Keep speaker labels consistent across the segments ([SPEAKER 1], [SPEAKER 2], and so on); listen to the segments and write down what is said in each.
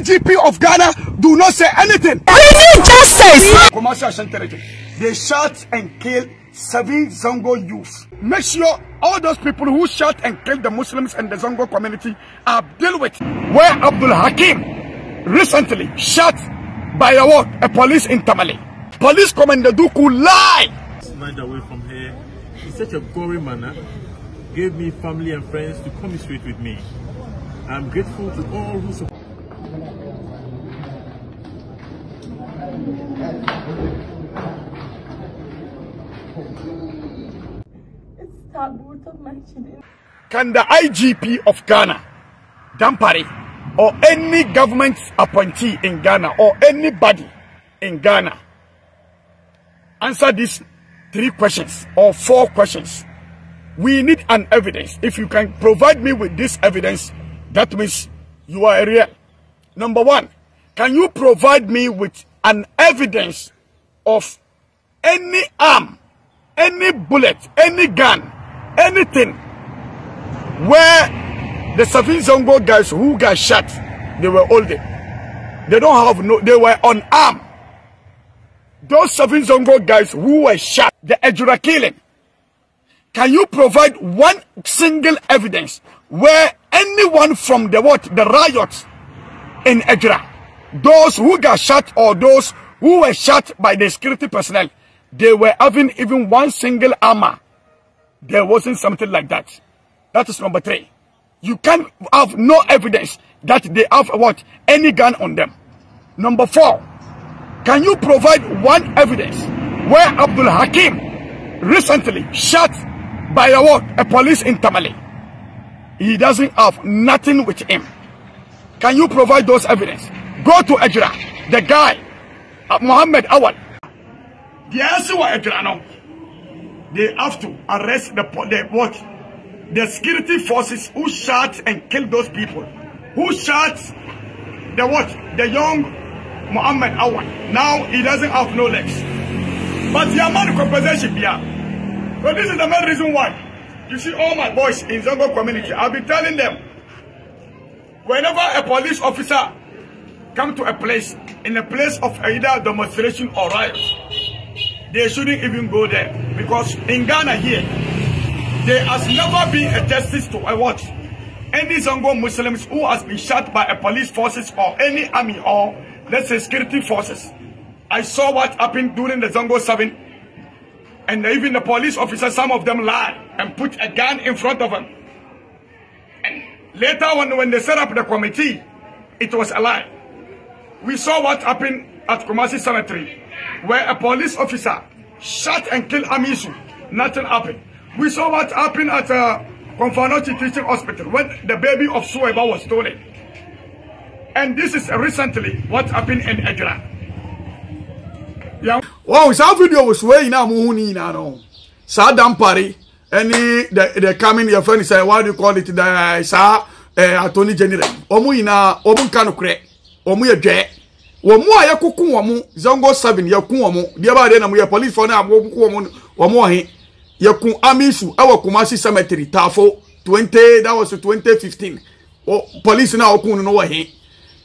[SPEAKER 1] IGP of Ghana do not say anything. We need justice. They shot and killed seven Zongo youths. Make sure all those people who shot and killed the Muslims and the Zongo community are dealt with. Where Abdul Hakim recently shot by a what? A police in Tamale. Police Commander Duku lie. Mind away from here. In such a gory manner, gave me family and friends to commiserate with me. I'm grateful to all who support can the IGP of Ghana, Dampari, or any government appointee in Ghana, or anybody in Ghana, answer these three questions or four questions? We need an evidence. If you can provide me with this evidence, that means you are real. Number one, can you provide me with an evidence of any arm, any bullet, any gun, anything where the Savin Zongo guys who got shot, they were old. They don't have no, they were unarmed. Those Savin Zongo guys who were shot, the Ejura killing. Can you provide one single evidence where anyone from the what, the riots, in Egra, Those who got shot or those who were shot by the security personnel, they were having even one single armor. There wasn't something like that. That is number three. You can't have no evidence that they have what? Any gun on them. Number four, can you provide one evidence where Abdul Hakim recently shot by a, what, a police in Tamale? He doesn't have nothing with him. Can you provide those evidence? Go to Ejra, the guy, uh, Muhammad Awal. The answer was Ejra now. They have to arrest the, the what? The security forces who shot and killed those people. Who shot the what? The young Muhammad Awal. Now he doesn't have no legs. But the amount of compensation here. So this is the main reason why. You see all my boys in Zongo community, I've been telling them, Whenever a police officer come to a place, in a place of either demonstration or riot, they shouldn't even go there. Because in Ghana here, there has never been a justice to a watch. Any Zongo Muslims who has been shot by a police forces or any army or let's say security forces. I saw what happened during the Zongo 7 and even the police officers, some of them lied and put a gun in front of them. Later on, when they set up the committee, it was a lie. We saw what happened at Kumasi Cemetery, where a police officer shot and killed Amisu. Nothing happened. We saw what happened at uh, Konfanochi Teaching Hospital, when the baby of Sueba was stolen. And this is recently what happened in Ejira. Yeah. Wow, saa video was way na mo hu Saddam na no. Saa dampare any the the coming your friend say what do you call it the Sir atoni general wɔn nyinaa wɔn nka no korɛ wɔn yɛ dwɛ wɔn a yɛkoko wɔn zango seven yɛko wɔn deɛ baa deɛ na mo yɛ polisifoɔ no a wɔkoko wɔn wɔn wɔ he yɛko amisu ɛwɔ kumasi cemetery taafo twenty that was twenty fifteen wɔ polisi no a wɔko no wɔ he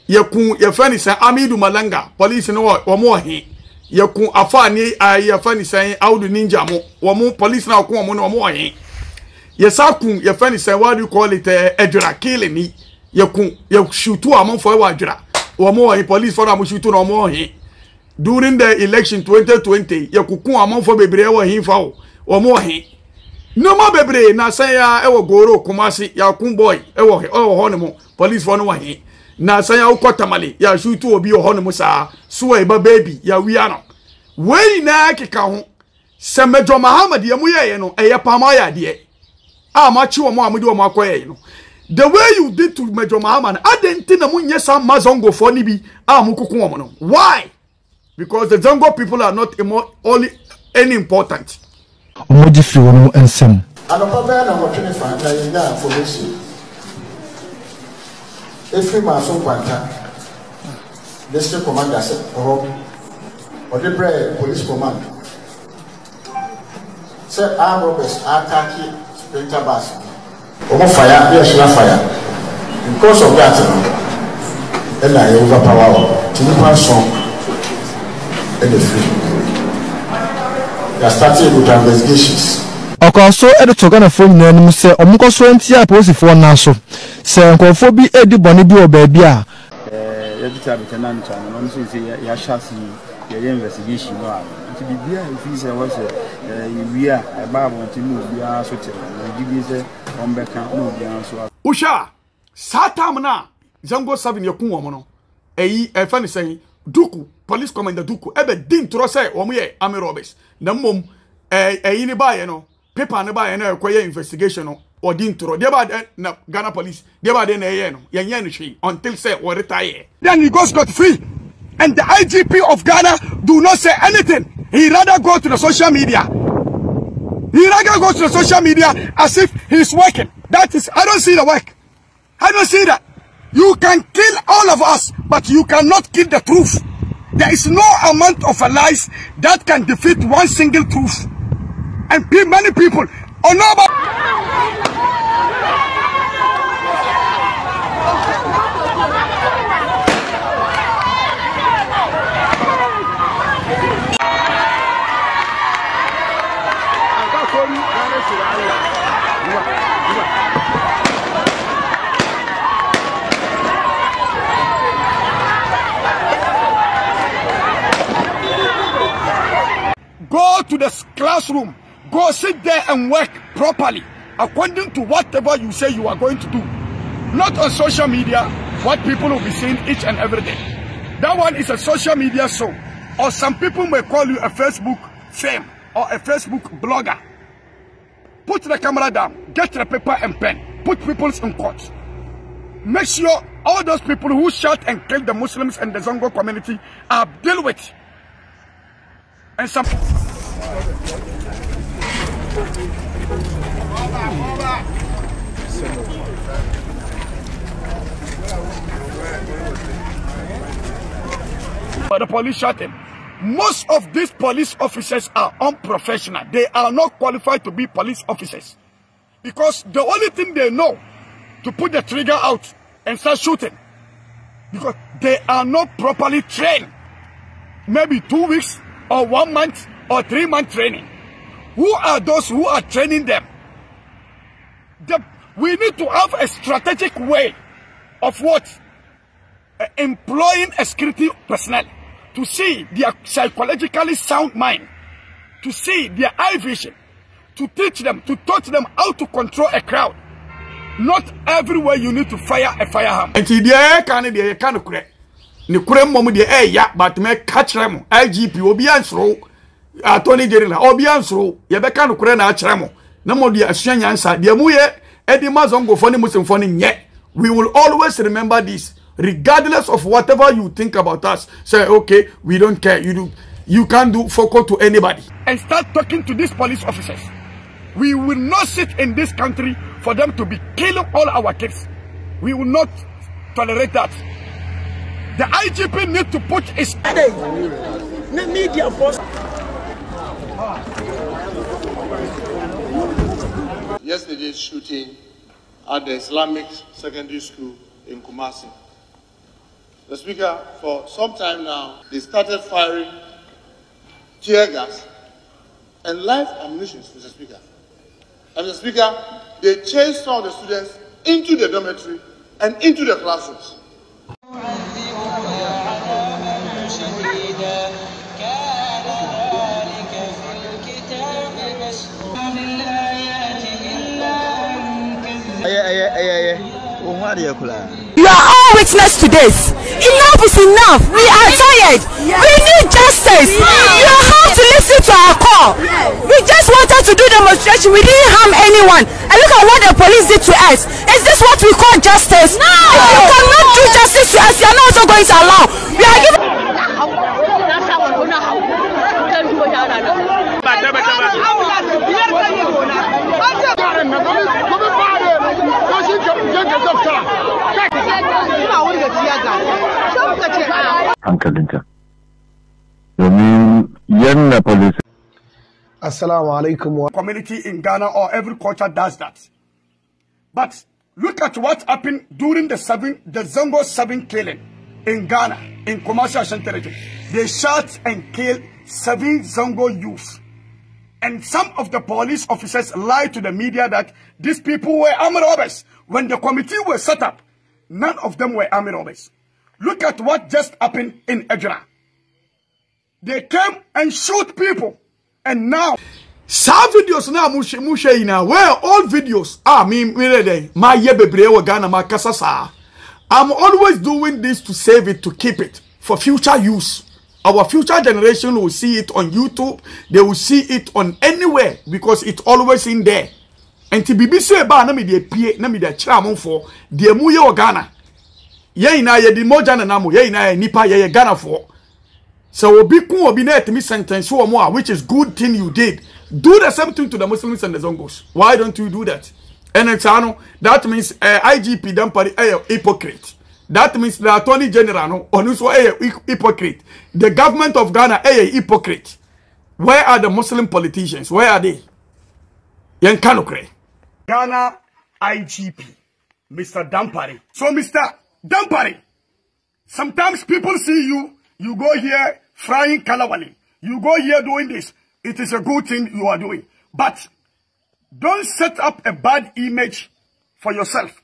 [SPEAKER 1] yɛko yɛfɛ ne sɛ amidu malanga police no wɔ wɔn wɔ he yɛko afaani a yɛfɛ ne sɛ awudu ninja mo wɔn police na a wɔko wɔn no wɔn wɔ he yɛsa kun yɛfɛ ne sɛ what do you call it eh, adwira kele ni yɛku yɛsutu amanfoɔ ɛwɔ adwira wɔn wɔ he police fɔlɔ amusutu na wɔn wɔ he during the election twenty twenty yɛkuku amanfoɔ bebree ɛwɔ he fa o wɔn wɔ he nneɛma bebree na sɛn ya ɛwɔ goro kumasi yakun boy ɛwɔ he ɛwɔ hɔ ne mo police fɔlɔ wɔ he na sɛn ya wokɔ tamale yasutu obi wɔ hɔ ne mo saa suwa eba beebi yawia no wɔn nyinaa keka ho sɛ mɛjɔ mahamadi mu yɛ yɛ no ɛyɛ paamu ayɛ adeɛ a moakye wɔ a mode wɔ mo akɔyɛe no the way you did to major mahama no adɛn nti na monyɛ saa ma zongofoɔ no bi a mokoko wɔ mo no why because the zongo people are not emo, only any important ɔmɔgye firi wɔ no nsɛm anɔpa bɛyɛ na wɔtwene fa na yɛnya information ɛfiri maaso nkwanta district commander sɛ hɔ ɔde brɛ police command sɛ arm robbers ataake printer bags ọmọ fire bí ẹ̀ṣin afire because of that no ẹna yẹ over power ọ ti nípa sọn ẹna free yà starting with investigations. ɔkɔɔ so de to ghanafoɔ nyinaa anim sɛ ɔmokɔ so ntia apolisifoɔ nan so sɛ nkurɔfoɔ bi ɛdi bɔne bi wɔ baabi a yɛtutu abɛtɛ no ankyɛ no ɔno so sɛ yɛahyɛ ase yɛyɛ investigation no nti biribi a ɛfiri sɛ wɔ sɛ ɛwie a ɛba abɔnten na obiara so te wɔgye bi sɛ ɔmbɛka na obiara so wohwɛ a saa tam no zango seven yɛku wɔ m no ɛyi ɛfa ne sɛn duku police commander duku ɛbɛ di ntorɔ sɛ wɔn yɛ army robbers na mmom ɛɛ ɛyi ne baayɛ no paper ne baayɛ no ɛkɔ yɛ investigation no ɔdi ntorɔ deɛ baa dɛ na ghana police deɛ baa dɛ na ɛyɛ no yɛnyɛ no hwee until sɛ wɔretire. then he goes got free. and the IGP of Ghana do not say anything. He rather go to the social media. He rather go to the social media as if he's working. That is, I don't see the work. I don't see that. You can kill all of us, but you cannot kill the truth. There is no amount of lies that can defeat one single truth. And many people, or nobody. Go to the classroom. Go sit there and work properly according to whatever you say you are going to do. Not on social media, what people will be seeing each and every day. That one is a social media show. Or some people may call you a Facebook fame or a Facebook blogger. Put the camera down. Get the paper and pen. Put peoples in court. Make sure all those people who shot and killed the Muslims and the Zongo community are dealt with. And some... But the police shot him. Most of these police officers are unprofessional. They are not qualified to be police officers. Because the only thing they know to put the trigger out and start shooting. Because they are not properly trained. Maybe two weeks or one month or three month training. Who are those who are training them? The, we need to have a strategic way of what? Uh, employing a security personnel to see their psychologically sound mind, to see their eye vision, to teach them, to teach them how to control a crowd. Not everywhere you need to fire a firearm. ham. Nti deɛ ɛka ne deɛ yɛka no korɛ. Ne korɛ mmom deɛ ɛɛya but mɛka kyerɛ mo IGP obiara nsoro atɔni gyeri na obiara nsoro yɛbɛka no korɛ na akyerɛ mo na mo deɛ asua nyansa deɛ mu yɛ ɛde ma zɔngofoɔ ne musomfoɔ no nyɛ. We will always remember this. regardless of whatever you think about us say okay we don't care you do you can't do Focal to anybody and start talking to these police officers we will not sit in this country for them to be killing all our kids we will not tolerate that the igp need to put his headache media force yesterday's shooting at the islamic secondary school in kumasi the Speaker, for some time now, they started firing tear gas and live ammunition, Mr. Speaker. And the Speaker, they chased some of the students into the dormitory and into the classrooms. You are all witness to this enough is enough we are tired we need justice you have to listen to our call we just wanted to do demonstration we didn't harm anyone and look at what the police did to us is this what we call justice no. if you cannot do justice to us you are not also going to allow we are giving hankalinta domin yanna assalamu alaikum community in ghana or every culture does that but look at what happened during the seven the zongo seven killing in ghana in commercial territory they shot and killed seven Zongo youths and some of the police officers lied to the media that these people were armed robbers when the committee was set up none of them were armed robbers Look at what just happened in Ejra. They came and shoot people. And now... some videos now mu hwe mu hwe yina all videos ah me me dey ma ye bebre we Ghana ma kasa I'm always doing this to save it to keep it for future use our future generation will see it on YouTube they will see it on anywhere because it's always in there and to bibi say ba na me dey pie na me dey kira amfo dey mu ye Ghana yɛn nyinaa yɛde mogya nenam yɛn nyinaa yɛ nipa yɛyɛ ghanafoɔ sɛ obi kun obi na ɛtumi sentence wɔn a which is good thing you did do the same thing to the muslims and the zongos why don't you do that ɛnna saa no that means uh, eh, igp dampari ɛyɛ eh, hypocrite that means the attorney general no ɔno nso ɛyɛ hypocrite the government of ghana ɛyɛ eh, hypocrite where are the muslim politicians where are they yɛn kanokorɛ ghana igp mr dampari so mr Don't worry. Sometimes people see you, you go here frying kalawali. You go here doing this. It is a good thing you are doing. But don't set up a bad image for yourself.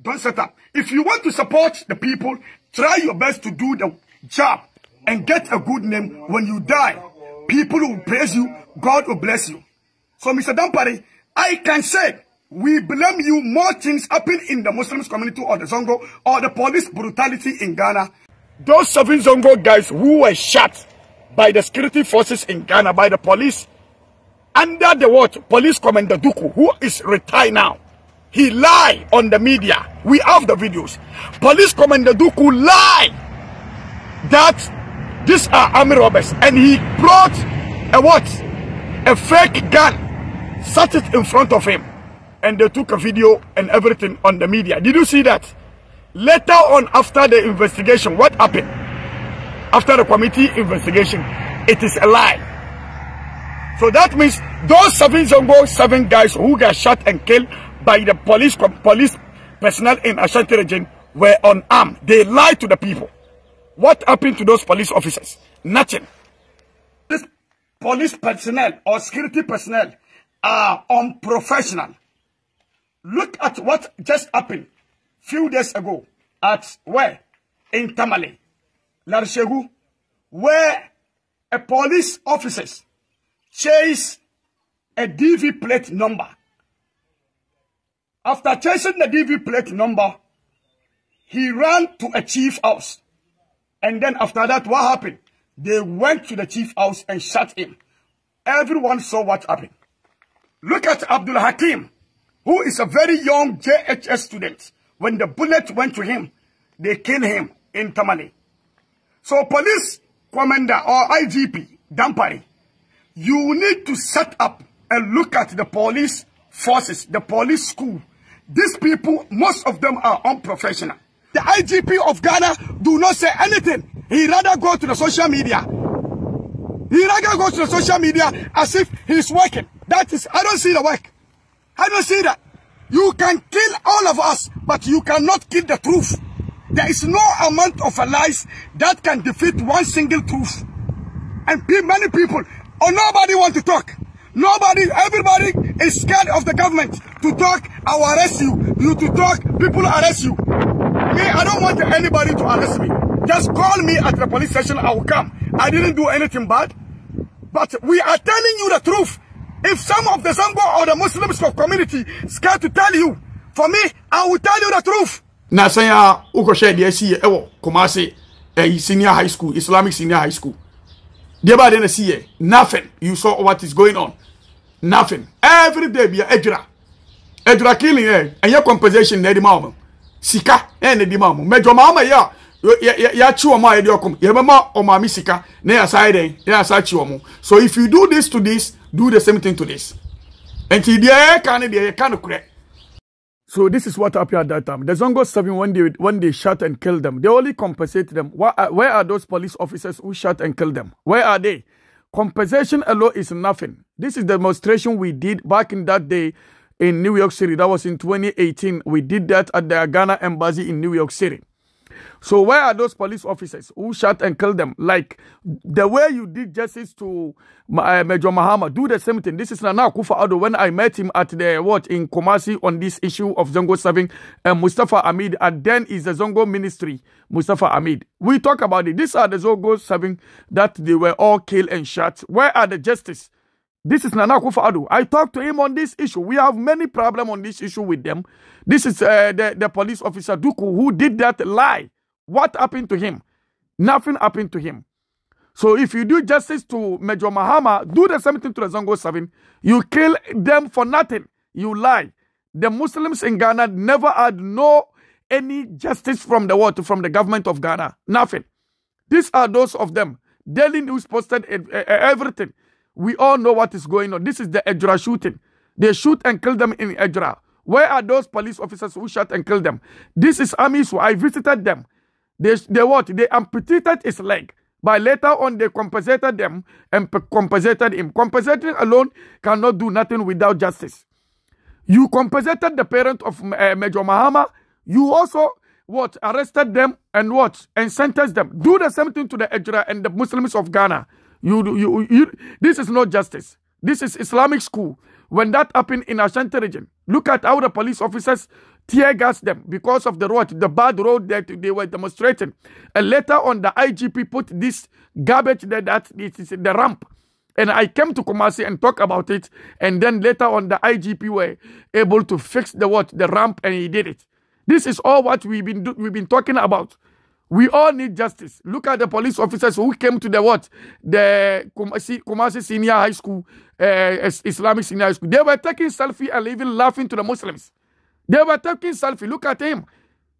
[SPEAKER 1] Don't set up. If you want to support the people, try your best to do the job and get a good name when you die. People will praise you. God will bless you. So, Mr. Dampari, I can say we blame you more things happen in the Muslims community or the Zongo or the police brutality in Ghana. Those seven Zongo guys who were shot by the security forces in Ghana, by the police, under the watch, Police Commander Duku, who is retired now. He lied on the media. We have the videos. Police Commander Duku lied that these are army robbers. And he brought a what? A fake gun. Set it in front of him and they took a video and everything on the media. Did you see that? Later on, after the investigation, what happened? After the committee investigation, it is a lie. So that means those seven Zongo, seven guys who got shot and killed by the police police personnel in Ashanti region were unarmed. They lied to the people. What happened to those police officers? Nothing. This police personnel or security personnel are unprofessional. Look at what just happened few days ago at where? In Tamale, Larshegu, where a police officer chased a DV plate number. After chasing the DV plate number, he ran to a chief house. And then after that, what happened? They went to the chief house and shot him. Everyone saw what happened. Look at Abdul Hakim who is a very young JHS student, when the bullet went to him, they killed him in Tamale. So police commander or IGP, Dampari, you need to set up and look at the police forces, the police school. These people, most of them are unprofessional. The IGP of Ghana do not say anything. He rather go to the social media. He rather go to the social media as if he's working. That is, I don't see the work. I don't see that. You can kill all of us, but you cannot kill the truth. There is no amount of lies that can defeat one single truth. And many people, or oh, nobody want to talk. Nobody, everybody is scared of the government to talk. I will arrest you. You to talk, people arrest you. Me, I don't want anybody to arrest me. Just call me at the police station. I will come. I didn't do anything bad. But we are telling you the truth. If some of the Zango or the Muslims of community scared to tell you, for me, I will tell you the truth. Na sanya uko share the SE ewo Kumasi a eh, senior high school, Islamic senior high school. Dear by the SE, nothing. You saw what is going on. Nothing. Every day be ejira. Ejira killing eh and your compensation na di mama. Sika eh na di mama. Mejo mama ya yɛakye ya m a yɛde ɔkom yɛbɛma ɔmaame sika na yɛasae dɛn na yɛasa akye wɔ mo so if you do this to this do the same thing to this. And So this is what happened at that time. The Zongo 7, when they, when they shot and killed them, they only compensate them. Where are, uh, where are those police officers who shot and killed them? Where are they? Compensation alone is nothing. This is demonstration we did back in that day in New York City. That was in 2018. We did that at the Ghana Embassy in New York City. So where are those police officers who shot and killed them? Like the way you did justice to uh, Major Mahama, do the same thing. This is Nana Kufa Ado when I met him at the what in Kumasi on this issue of Zongo serving and uh, Mustafa Ahmed, and then is the Zongo ministry, Mustafa Ahmed. We talk about it. These are the Zongo serving that they were all killed and shot. Where are the justice? This is Nana akufo I talked to him on this issue. We have many problem on this issue with them. This is uh, the, the police officer Duku who did that lie. What happened to him? Nothing happened to him. So if you do justice to Major Mahama, do the same thing to the Zongo 7. You kill them for nothing. You lie. The Muslims in Ghana never had no any justice from the world, from the government of Ghana. Nothing. These are those of them. Daily News posted everything. We all know what is going on. This is the Ejra shooting. They shoot and kill them in Ejra. Where are those police officers who shot and killed them? This is armies. I visited them. They, they what? They amputated his leg. But later on, they compensated them and compensated him. Compensating alone cannot do nothing without justice. You compensated the parent of uh, Major Mahama. You also what arrested them and what and sentenced them. Do the same thing to the Ejra and the Muslims of Ghana. You, you, you, this is not justice. This is Islamic school. When that happened in Ashanti region, look at how the police officers tear gas them because of the road, the bad road that they were demonstrating. And later on, the IGP put this garbage there that it is the ramp. And I came to Kumasi and talk about it. And then later on, the IGP were able to fix the what the ramp, and he did it. This is all what we've been we've been talking about. We all need justice. Look at the police officers who came to the what? The Kumasi, Kumasi Senior High School, uh, Islamic Senior High School. They were taking selfie and even laughing to the Muslims. They were taking selfie. Look at him.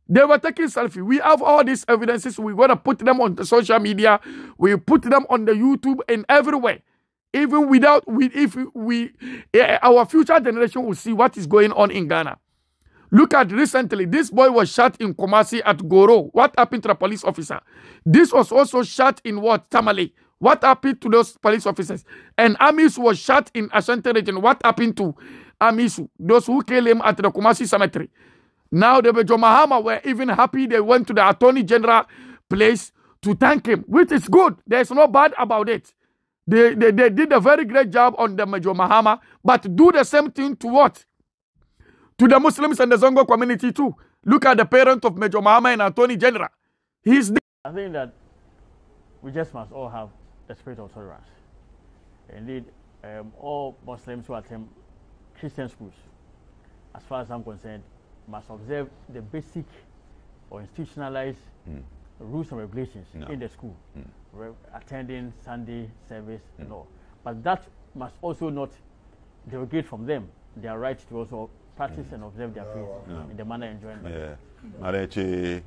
[SPEAKER 1] They were taking selfie. We have all these evidences. We're going to put them on the social media. We put them on the YouTube and everywhere. Even without, we, if we, eh, our future generation will see what is going on in Ghana. Look at recently, this boy was shot in Kumasi at Goro. What happened to the police officer? This was also shot in what? Tamale. What happened to those police officers? And Amis was shot in Ashanti region. What happened to Amisu, those who killed him at the Kumasi Cemetery. Now the Major Mahama were even happy they went to the Attorney General place to thank him, which is good. There's no bad about it. They, they, they did a very great job on the Major Mahama, but do the same thing to what? To the Muslims and the Zongo community too. Look at the parent of Major Mahama and Attorney General. He's the I think that we just must all have the spirit of tolerance. Indeed, um, all Muslims who attend Christian schools, as far as I'm concerned, must observe the basic or institutionalized mm. rules and regulations no. in the school, mm. attending Sunday service mm. and all. But that must also not derogate from them their right to also practice hmm. and observe their faith no. in the manner enjoined yeah.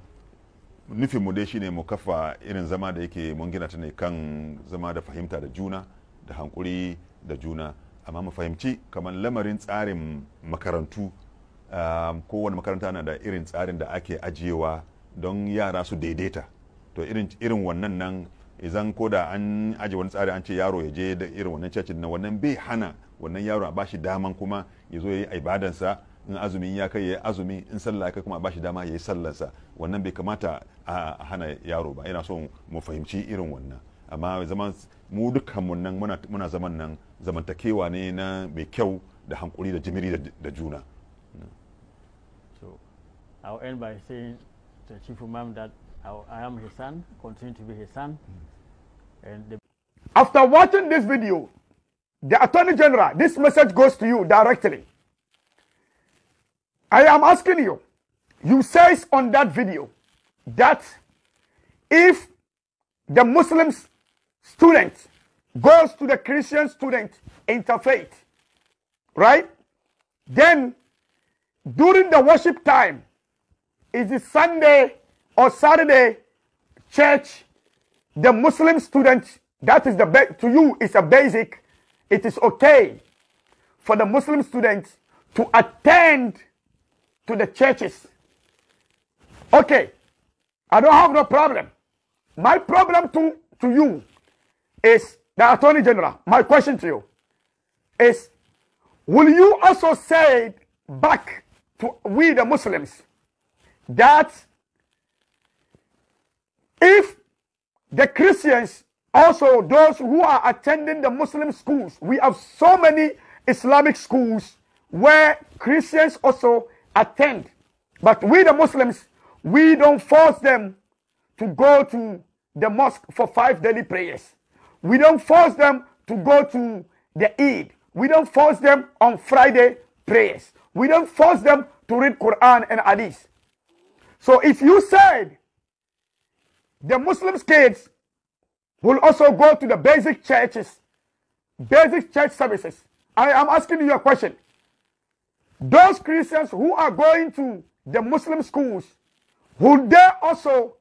[SPEAKER 1] nufin mu dai shine mu kafa irin zama da yake mun gina ta ne kan zama da fahimta da juna da hankuri da juna amma mu fahimci kamar lamarin tsarin makarantu um, kowane makaranta na da irin tsarin da ake ajiyewa don yara su daidaita to irin wannan nan izan ko da an aji wani tsari an ce yaro ya je da irin wannan cacin na wannan bai hana wannan yaro a bashi daman kuma ya zo ya yi ibadansa in azumi ya kai ya azumi in sallah ya kai kuma a bashi dama ya yi sallansa wannan bai kamata a hana yaro ba ina so mu fahimci irin wannan amma zaman mu nan muna zaman nan zamantakewa ne na mai kyau da hankuri da jimiri da juna so i'll end by saying to chief imam that i am his son continue to be his son and the... after watching this video the attorney general this message goes to you directly i am asking you you says on that video that if the muslims student goes to the Christian student interfaith, right? Then during the worship time, is it Sunday or Saturday church? The Muslim student, that is the ba- to you, is a basic. It is okay for the Muslim students to attend to the churches. Okay, I don't have no problem. My problem to, to you is the Attorney General. My question to you is Will you also say back to we the Muslims that if the Christians, also those who are attending the Muslim schools, we have so many Islamic schools where Christians also attend, but we the Muslims, we don't force them to go to the mosque for five daily prayers. We don't force them to go to the Eid. We don't force them on Friday prayers. We don't force them to read Quran and Hadith. So if you said the Muslim kids will also go to the basic churches, basic church services, I am asking you a question. Those Christians who are going to the Muslim schools, would they also